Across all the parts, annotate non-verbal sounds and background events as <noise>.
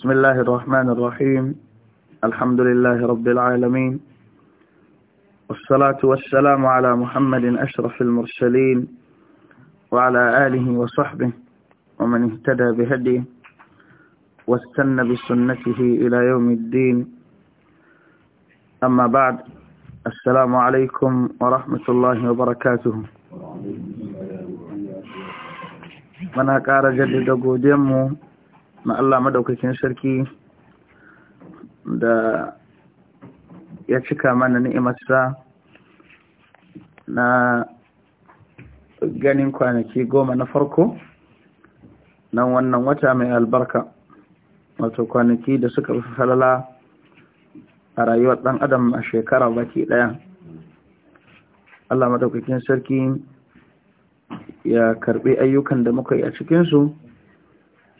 بسم الله الرحمن الرحيم الحمد لله رب العالمين والصلاة والسلام على محمد أشرف المرسلين وعلى آله وصحبه ومن اهتدى بهديه واستنى بسنته إلى يوم الدين أما بعد السلام عليكم ورحمة الله وبركاته من أكار جديد قوديمه na Allah madaukakin sarki da ya cika mana ni'imarsa na ganin kwanaki goma na farko nan wannan wata mai albarka wato kwanaki da suka fi falala a rayuwar ɗan adam a shekara baki ɗaya Allah madaukakin sarki ya karɓi ayyukan da muka yi a cikinsu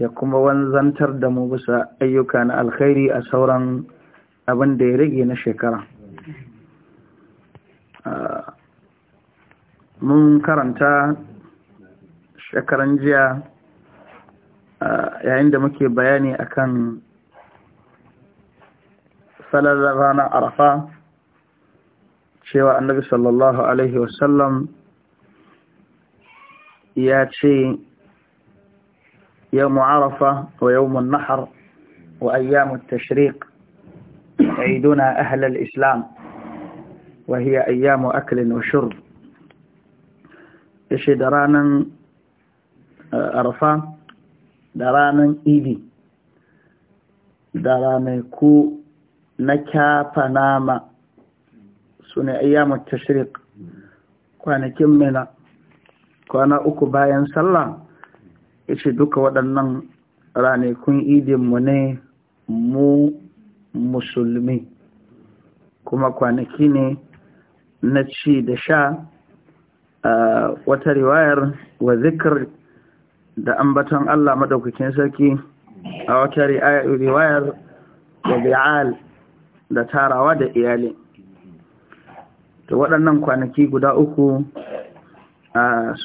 ya kuma wanzantar da mu bisa ayyuka na alkhairi a sauran abin da ya rage na shekara mun karanta shekaran jiya yayin da muke bayani akan falalar ranar arafa cewa annabi sallallahu alaihi wasallam ya ce يوم عرفة ويوم النحر وأيام التشريق عيدنا أهل الإسلام وهي أيام أكل وشرب إشي درانا أرفا درانا إيدي درانا كو نكا فناما سنة أيام التشريق كوانا كمنا كوانا أكو باين سلام ya ce duka waɗannan ranakun idinmu ne mu musulmi kuma kwanaki ne na ci da sha a wata riwayar wa zikir da ambaton Allah madaukakin sarki a wata riwayar wa bi'al da tarawa da iyali to waɗannan kwanaki guda uku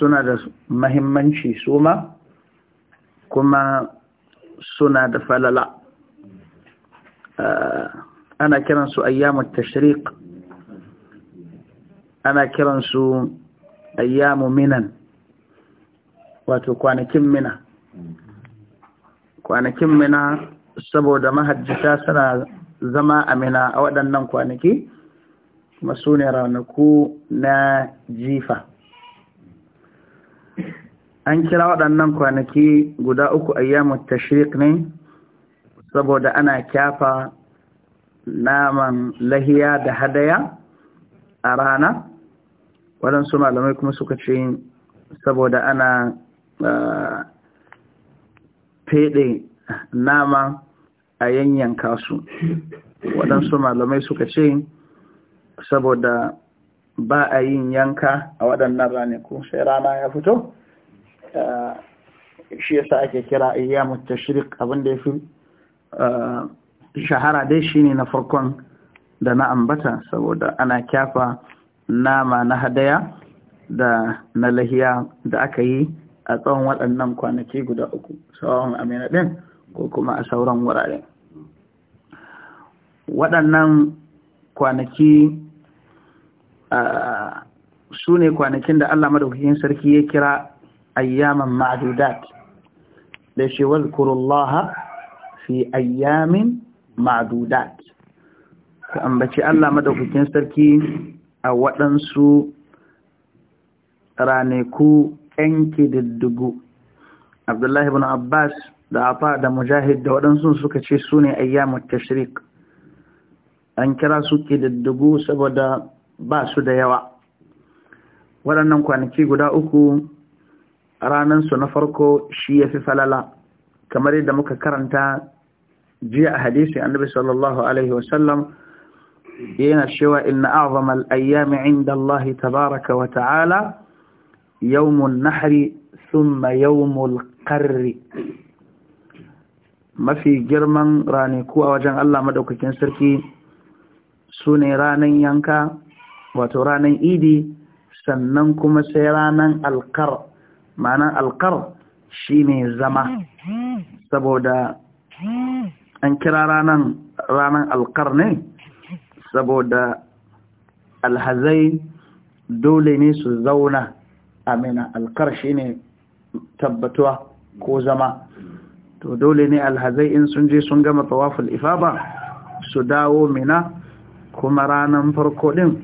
suna da mahimmanci suma. ma kuma suna da falala eh, ana kiransu ayyamun tashriq ana kiransu ayyamu minan wato kwanakin mina kwanakin mina saboda mahajjita suna zama a mina a waɗannan kwanaki kuma su ne ranaku na jifa an kira waɗannan kwanaki guda uku ayyamun tashrik ne saboda ana kyafa naman lahiya da hadaya a rana waɗansu malamai kuma suka ce saboda ana ah, feɗe nama a yanyanka su waɗansu malamai suka ce saboda ba a yin yanka a waɗannan ranaku sai rana ya fito Eh, shi yasa ake kira ayyamu tashriq abinda ya fi eh, shahara dai shine na farkon da na ambata saboda ana kyafa nama na hadaya da na lahiya da aka yi a tsawon waɗannan kwanaki guda uku tsawon amina ɗin ko kuma a sauran wurare waɗannan kwanaki eh, su ne kwanakin da allah madaukakin sarki ya kira أياما معدودات ليش واذكروا الله في أيام معدودات فأنبتي الله مدوكتين Sarki أو وطنسو رانيكو أنكي ددقو عبد الله بن عباس da afa da mujahid da waɗansu suka ce su ne ayyamun tashrik an kira su ƙididdigu saboda ba su da yawa waɗannan kwanaki guda uku ranan su na farko shi ya fi falala kamar yadda muka karanta jiya a hadisi annabi sallallahu alaihi wa sallam yana cewa inna a'zama al-ayyami 'inda Allah tabaaraka wa ta'ala yawm an-nahr thumma yawm yawmul qarri mafi girman rane ku a wajen Allah madaukakin sarki sune ranan yanka wato ranan idi sannan kuma sai ranan al-qarr ma'anan alkar shi ne zama saboda an kira ranar alkar ne saboda alhazai dole ne su zauna amina alƙar shi ne tabbatuwa ko zama to dole ne alhazai in sun je sun gama tawaful ifaba su dawo mina kuma ranan farko din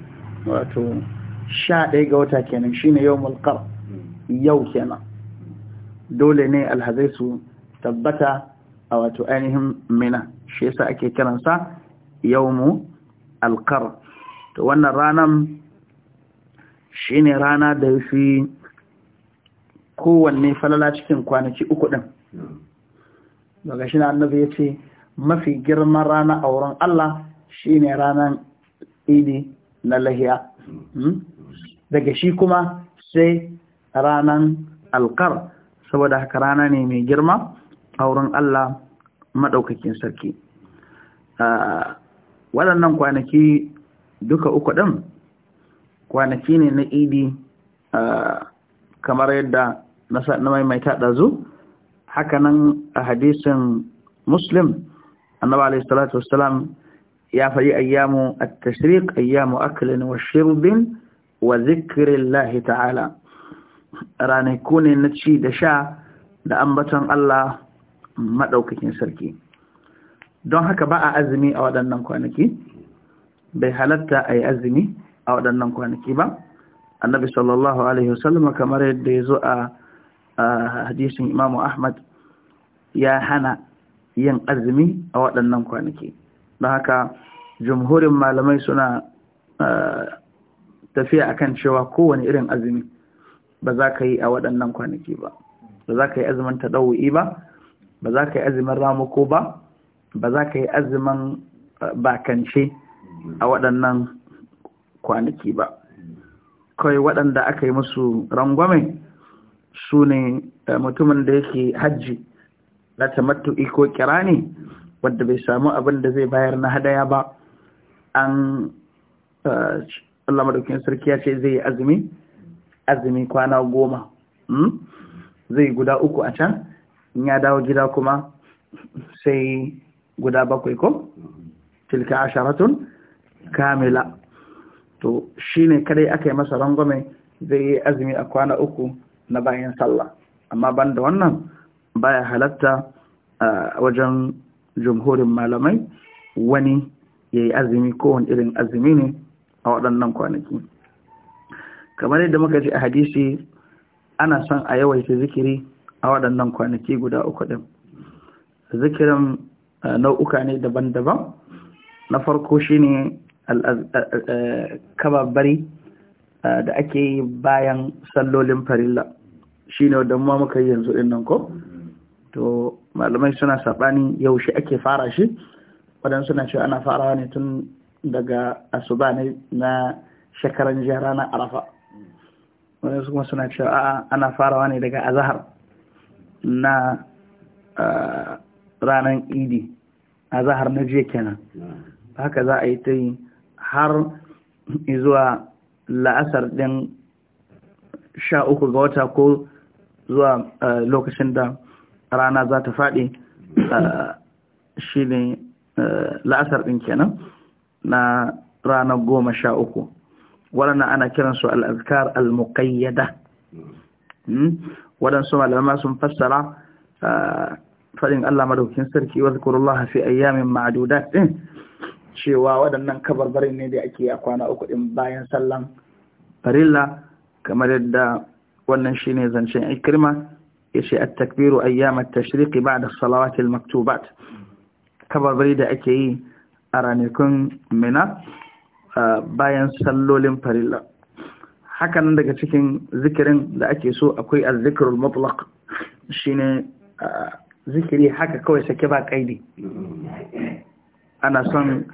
wato sha ɗaya ga wata kenan shine yau mulkar yau kenan dole ne alhazai su tabbata a wato ainihin mina shi yasa ake kiransa yawmu alkar to wannan ranan shine rana da shi kowanne falala cikin kwanaki uku ɗin, daga shi na annabi ce mafi girman rana a wurin Allah shine ranan idi na lahiya hmm? daga shi kuma sai ranan alkar saboda haka rana ne mai girma a wurin Allah maɗaukakin sarki ah, waɗannan kwanaki duka uku ɗin kwanaki ne na idi ah, kamar yadda na maimaita ɗazu nan a hadisin muslim annaba alaihi salatu wassalam ya faɗi ayyamu at-tashriq ayyamu aklin wa shirbin wa zikrillahi ta'ala ranaku ne na ci da sha da ambaton Allah maɗaukakin sarki don haka ba a azumi a waɗannan kwanaki bai halatta a yi azumi a waɗannan kwanaki ba annabi sallallahu alaihi wasallam kamar yadda ya zo a hadisin imamu ahmad ya hana yin azumi a waɗannan kwanaki don haka jumhurin malamai suna eh, tafiya akan cewa kowane irin azumi ba za ka yi a waɗannan kwanaki ba ba za ka yi azumin ɗau'i ba ba za ka yi azumin ramuko ba ba za ka yi azumin eh, bakance a waɗannan kwanaki ba kawai waɗanda aka yi musu rangwame su ne eh, mutumin da yake hajji na iko ko ne Wadda bai samu abin da zai bayar na hadaya ba an eh, Allah madaukin sarki ya ce zai yi azumi azumi kwana goma hmm? zai guda uku a can in ya dawo gida kuma sai guda bakwai ko tilka asharatun kamila to shi ne kadai aka yi masa rangwame zai yi azumi a kwana uku na bayan sallah amma ban da wannan baya halatta wajen jumhurin malamai wani ya yi azumi kowane irin azumi ne a waɗannan kwanaki kamar yadda muka ji a hadisi ana son a yawaita zikiri a waɗannan kwanaki guda uku ɗin zikirin nau'uka ne daban-daban na farko shi shine kababari da ake yi bayan sallolin farilla shine wadda ma muka yi yanzu ɗin nan ko to malamai suna saɓani yau shi ake fara shi waɗansu suna cewa ana farawa ne tun daga asuba na shekaran jiya ranar arafa wani su kuma suna cewa a'a ana farawa ne daga azahar na ranar idi azahar na jiya kenan haka za a yi ta yi har zuwa la'asar ɗin sha uku ga wata ko zuwa lokacin da rana za ta faɗi shi ne la'asar ɗin kenan na ranar goma sha uku waɗannan ana kiransu al'azkar al-muqayyada hmm? waɗansu malama sun fassara ah, faɗin Allah madaukin sarki wa zikurullah fi ayyamin ma'adudat ɗin eh, cewa waɗannan kabarbarin ne da ake a kwana uku ɗin bayan sallan farilla kamar yadda wannan shine zancen ikirma ya ce at-takbiru ayyamat ba da salawatil maktubat kabarbari da ake yi a ranakun mina bayan sallolin farilla hakan daga cikin zikirin da ake so akwai azzikirul mutlaq shine zikiri haka kawai sake ba kaidi ana son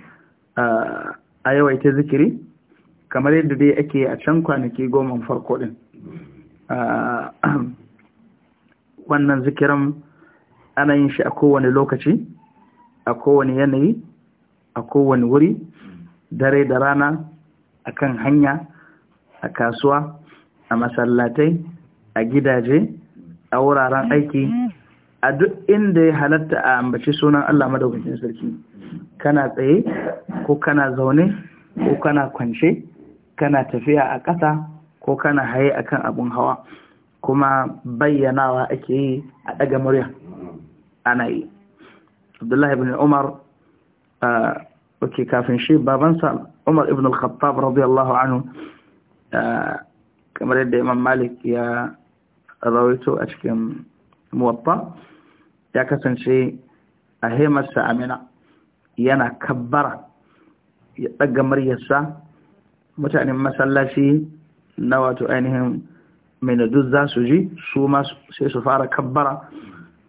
a yawaita zikiri kamar yadda dai ake a can kwanaki goma farko din <clears throat> wannan zikiran ana yin shi a kowane lokaci a kowane yanayi a kowane wuri dare da rana a kan hanya a kasuwa a masallatai a gidaje a wuraren aiki a duk inda ya halatta a ambaci sunan Allah madaukakin sarki kana tsaye ko kana zaune ko kana kwance kana tafiya a ƙasa ko kana haye akan abin hawa kuma bayyanawa ake yi a ɗaga murya ana yi abdullahi ibn umar ah, wake kafin shi babansa Umar ibn al-Khattab radiyallahu anhu ah, kamar yadda Imam Malik ya rawaito a cikin muwatta ya kasance a hemarsa Amina yana kabbara ya daga maryarsa mutanen masallaci na wato ainihin duk za su ji su ma sai su fara kabbara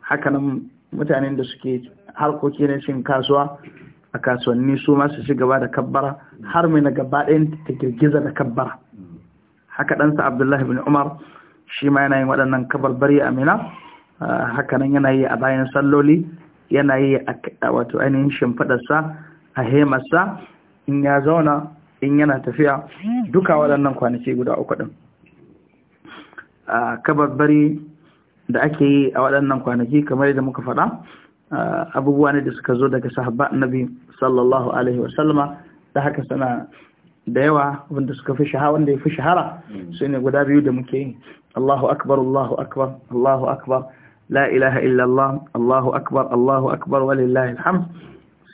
hakanan mutanen da suke harkoki na cin kasuwa a kasuwanni su ma su ci gaba da kabbara har mai na gaba ɗayan ta girgiza da kabbara haka ɗansa abdullahi bin umar shi ma yana yin waɗannan kabarbari a mina ah, haka nan yana yi a bayan salloli yana yi a wato ainihin shimfiɗarsa a hemarsa in ya zauna in yana tafiya duka waɗannan kwanaki guda uku ɗin ah, kabarbari da ake yi a waɗannan kwanaki kamar yadda muka faɗa abubuwa ne da suka zo daga sahabba annabi sallallahu alaihi wa wasallama da haka sana da yawa wanda suka fi shahara wanda ya fi shahara su ne guda biyu da muke yi Allahu akbar Allahu akbar Allahu akbar la ilaha illa Allah Allahu akbar Allahu akbar walillahi alhamd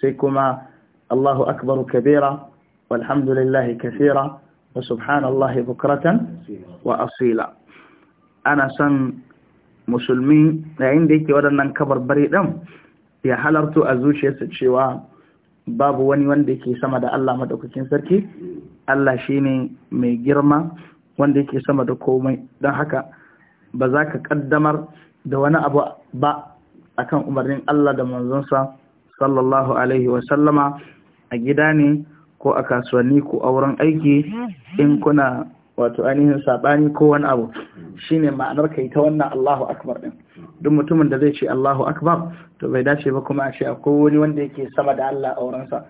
sai kuma Allahu akbar kabira walhamdulillahi kaseera wa subhanallahi bukratan wa asila ana san musulmi yayin da yake waɗannan kabarbari ɗin ya halarto a zuciyarsa cewa babu wani wanda yake sama da Allah madaukakin sarki Allah shine mai girma wanda yake sama da komai don haka ba za ka kaddamar da wani abu ba akan umarnin Allah da manzonsa sallallahu alaihi wa a gida ne ko a kasuwanni ko a wurin aiki in kuna wato ainihin saɓani ko wani abu shine ma'anar kai ta wannan Allahu akbar din duk mutumin da zai ce Allahu akbar to bai dace ba kuma a ce akwai wani wanda yake sama da Allah a wurinsa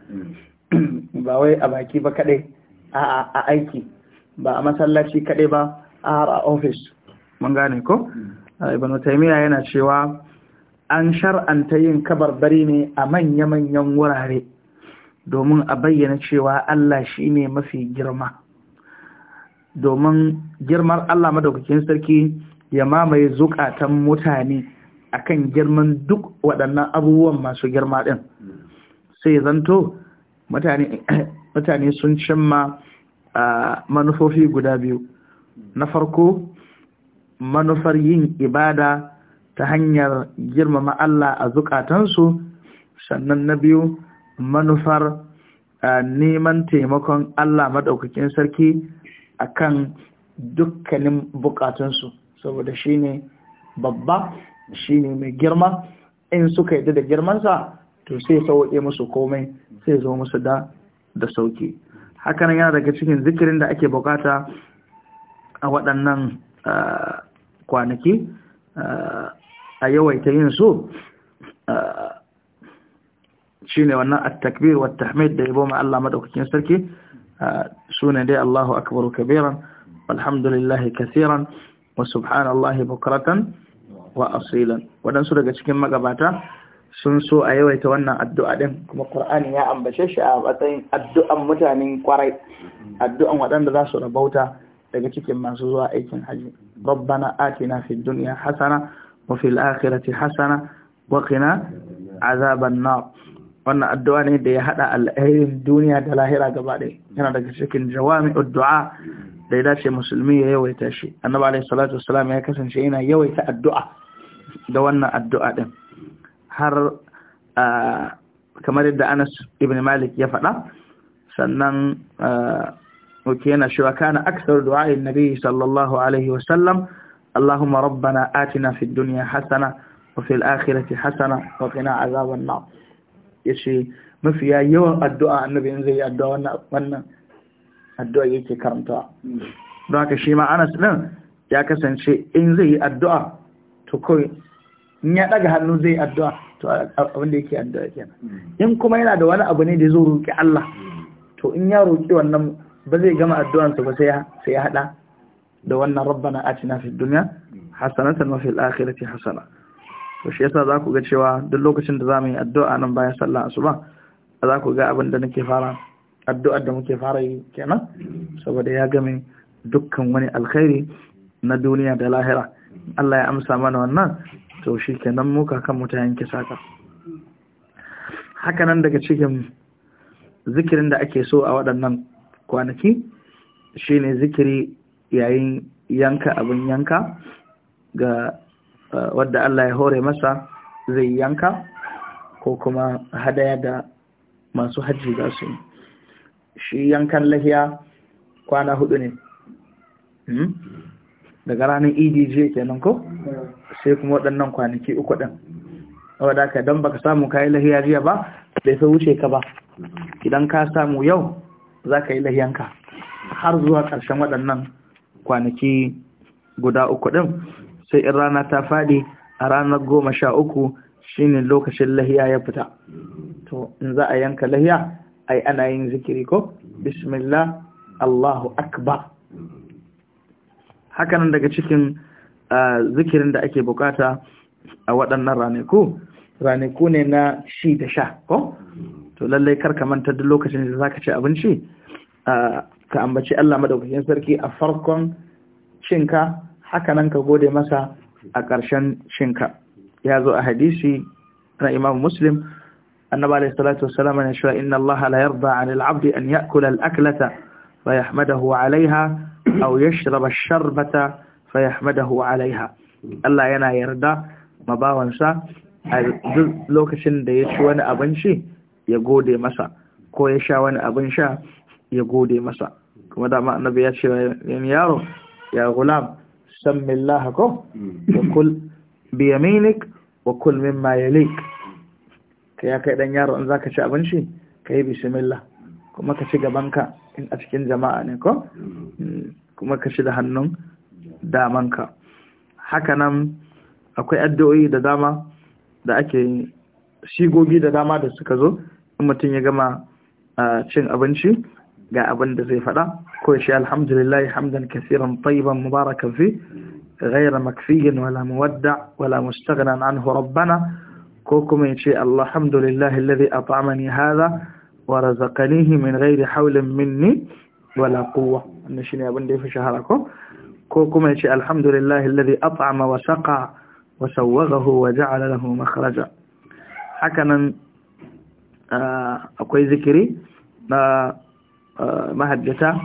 ba wai a baki ba kadai a aiki ba a masallaci kaɗai ba a a office mun gane ko hmm. ibn Taymiyyah yana cewa an shar'anta yin kabar bari ne a manya-manyan wurare domin a bayyana cewa Allah shine mafi girma domin girmar Allah madaukakin sarki ya mamaye zukatan mutane akan girman duk waɗannan abubuwan masu girma ɗin sai zanto mutane <coughs> sun cimma manufofi guda biyu na farko manufar yin ibada ta hanyar girmama Allah a zukatansu sannan na biyu manufar neman taimakon Allah maɗaukakin sarki akan dukkanin bukatunsu saboda shi ne babba shi ne mai girma in suka yadda da girmansa to sai sauƙe musu komai sai zo musu da da sauƙi hakanan yana daga cikin zikirin da ake bukata a waɗannan kwanaki a yawaita yin su shi ne wannan a takbir wa tahmid da yabo ma Allah madaukakin sarki suna dai Allahu akbaru kabiran walhamdulillahi kasiran wa subhanallahi bukratan wa asilan waɗansu daga cikin magabata sun so a yawaita wannan addu'a ɗin kuma ƙur'ani ya ambace shi a matsayin addu'an mutanen kwarai. addu'an waɗanda za su rabauta daga cikin masu zuwa aikin hajji rabbana atina fid dunya hasana wa fil akhirati hasana wa qina azaban nar wannan addu'a ne da ya hada alherin duniya da lahira gaba ɗaya yana daga cikin jawami'ud du'a da ya dace musulmi ya yawaita shi annabi alaihi salatu wassalam ya kasance yana yawaita addu'a da wannan addu'a din har kamar yadda Anas ibn Malik ya faɗa sannan oke yana cewa kana aksar du'a'in nabi sallallahu alaihi wasallam اللهم ربنا آتنا hasana الدنيا حسنة وفي الآخرة حسنة وقنا عذاب النار yace mafiya yawan addu'a annabi in zai addu'a wannan addu'a yake karantawa hmm. don haka shi ma anas ɗin ya kasance in zai yi addu'a to kawai in ya ɗaga hannu zai addu'a to abinda yake addu'a kenan hmm. in kuma yana da wani abu ne da zo roƙi Allah hmm. to in ya roƙi wannan ba zai gama addu'ansa ba sai ya haɗa da wannan rabbana atina fid dunya hasanatan wa fil akhirati hasana to shi yasa za ku ga cewa duk lokacin da za mu yi addu'a nan bayan sallah asuba za ku ga abin da nake fara addu'ar da muke fara yi kenan saboda ya game dukkan wani alkhairi na duniya da lahira Allah ya amsa mana wannan to shi kenan muka kan mutayen kisaka nan daga cikin zikirin da ake so a waɗannan kwanaki shine zikiri yayin yanka abin yanka ga eh, wadda Allah ya hore masa zai yanka ko kuma hadaya da masu hajji za su yi shi yankan lahiya kwana hudu ne hmm? daga ranar edj kenan ko sai kuma waɗannan kwanaki uku ɗin wadda ka don baka samu kayi lahiya jiya ba bai fi wuce ka ba idan ka samu yau za ka yi lahiyanka har zuwa ƙarshen waɗannan kwanaki guda uku ɗin sai in rana ta faɗi a ranar goma sha uku shine lokacin lahiya ya fita to in za a yanka lahiya ai ana yin zikiri ko bismillah Allahu akbar hakanan daga cikin ah, zikirin da ake bukata a waɗannan ranaku ranaku ne na shi da sha ko to lallai kar ka manta duk lokacin da zaka ci abinci ah, ka ambaci Allah madaukakin sarki a farkon shinka hakanan ka gode masa a ƙarshen shinka ya zo a hadisi na Imam Muslim النبي عليه الصلاة والسلام أن إن الله لا يرضى عن العبد أن يأكل الأكلة فيحمده عليها أو يشرب الشربة فيحمده عليها الله ينا يرضى مباونسا لوكشن دي يشوان أبنشي يقودي مسا كو يشوان أبنشا يقودي مسا كما دعما النبي يشرى يا غلام سم الله كو وكل بيمينك وكل مما يليك ka ya kai dan yaro in zaka ci abinci ka yi bismillah kuma ka ci gabanka in a cikin jama'a ne ko mm. kuma ka ci da hannun damanka nan akwai addu'o'i da dama da ake shigogi da dama da suka zo in mutum ya gama cin abinci ga abin da zai faɗa ko shi alhamdulillah hamdan kasiran tayyiban mubarakan fi ghayra makfiyin wala muwadda wala mustaghnan anhu rabbana ko kuma ya ce alhamdulillahi alladhi at'amani hadha wa razaqanihi min ghairi hawlin minni wala quwwa wannan shine abin da shahara ko ko kuma ya ce alhamdulillahi alladhi at'ama wa saqa wa sawwaghahu wa ja'ala hakanan akwai zikiri na mahaddata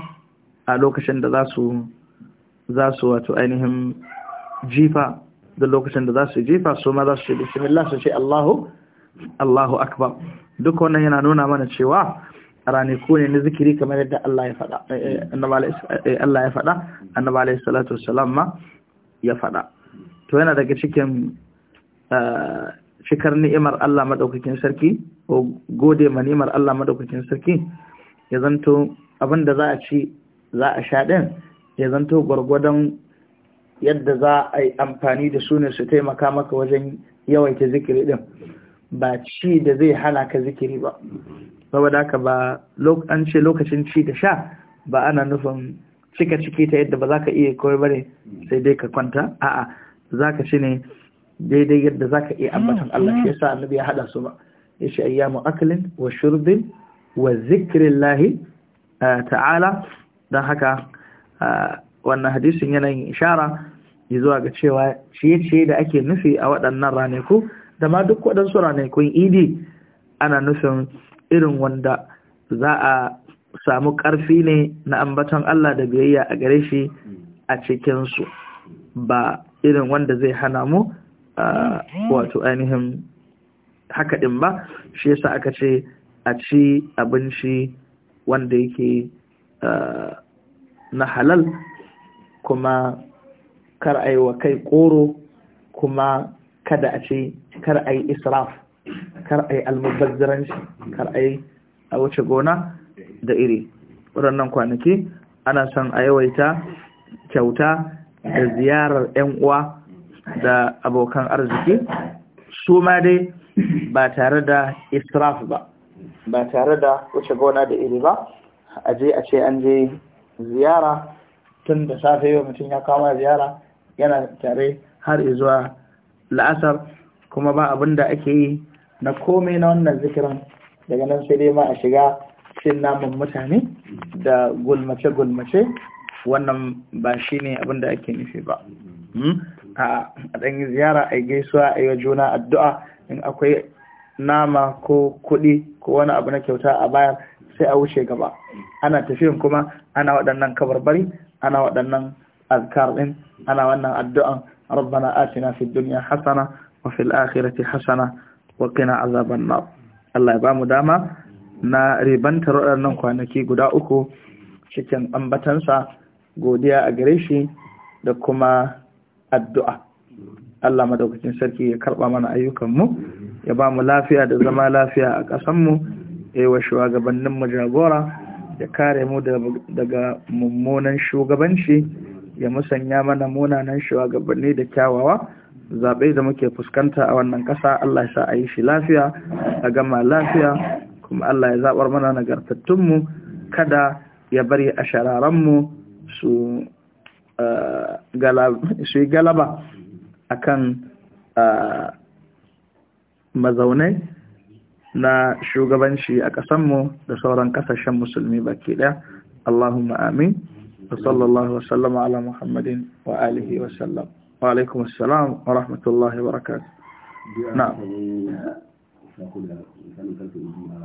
a lokacin da za su za su wato ainihin jifa da lokacin da za su jefa su ma za su ce bismillah su ce Allahu Allahu akbar duk wannan yana nuna mana cewa ranaku ne na zikiri kamar yadda Allah ya faɗa eh, eh, eh, Allah ya faɗa annabi alayhi salatu wassalam ma ya faɗa to yana daga cikin cikar ni'imar Allah madaukakin sarki ko gode ma ni'imar Allah madaukakin sarki ya zanto abinda za a ci za a sha din ya zanto gwargwadon yadda za a yi amfani da sunan su taimaka maka wajen yawaita zikiri din ba ci da zai hana ka zikiri ba saboda haka ba an ce lokacin ci da sha ba ana nufin cika ciki ta yadda ba za ka iya kawai bane sai dai ka kwanta a'a za ka ci ne daidai yadda za ka iya ambatan hmm, Allah hmm. shi yasa annabi ya hada su ba ya shi ayyamu aklin wa shurbin wa zikrillahi eh, ta'ala dan haka eh, wannan hadisin yana yin ishara zuwa ga cewa ciye-ciye da ake nufi a waɗannan ranaku da ma duk waɗansu ranakun idi ana nufin irin wanda za a samu ƙarfi ne na ambaton Allah da biyayya a gare shi a cikinsu ba irin wanda zai hana mu wato ainihin haka ɗin ba shi yasa aka ce a ci abinci wanda yake na halal kuma kar a yi wa kai ƙoro kuma kada a ce kar a yi israf kar a yi almubazziranci kar a yi a wuce gona da iri waɗannan kwanaki ana son a yawaita kyauta da ziyarar 'yan uwa da abokan arziki su ma dai ba tare da israf ba ba tare da wuce gona da iri ba a je a ce an je ziyara tun da safe yau mutum ya kama ziyara yana tare har zuwa la'asar kuma ba abin da ake yi na komai na wannan zikirin daga nan sai dai ma a shiga cin namun mutane da gulmace-gulmace wannan ba shi ne abin da ake nufi ba hmm? a ɗan yi ziyara a gaisuwa a yi juna addu'a in akwai nama ko kuɗi ko wani abu na kyauta a bayan sai a wuce gaba ana tafiyan kuma ana waɗannan kabarbari ana waɗannan azkar ɗin ana wannan addu'an rabbana atina fi dunya hasana wa fil akhirati hasana wa qina azaban nar Allah ya bamu dama na ribantar waɗannan kwanaki guda uku cikin ambatansa godiya a gare shi da kuma addu'a Allah madaukakin sarki ya karɓa mana ayyukan mu ya ba mu lafiya da zama lafiya a ƙasanmu ya yi wa mu jagora ya kare mu daga mummunan shugabanci ya musanya mana munanan shugabanni da kyawawa zaɓe da muke fuskanta a wannan ƙasa Allah ya sa a yi shi lafiya a gama lafiya kuma Allah ya zaɓar mana nagartattunmu kada ya bari a shararanmu su yi galaba kan mazaunai na shugabanci a ƙasanmu da sauran ƙasashen musulmi baki ɗaya Allahumma amin wa sallallahu wa sallama ala Muhammadin wa alihi wa sallam wa alaikum assalam wa rahmatullahi wa barakatuh na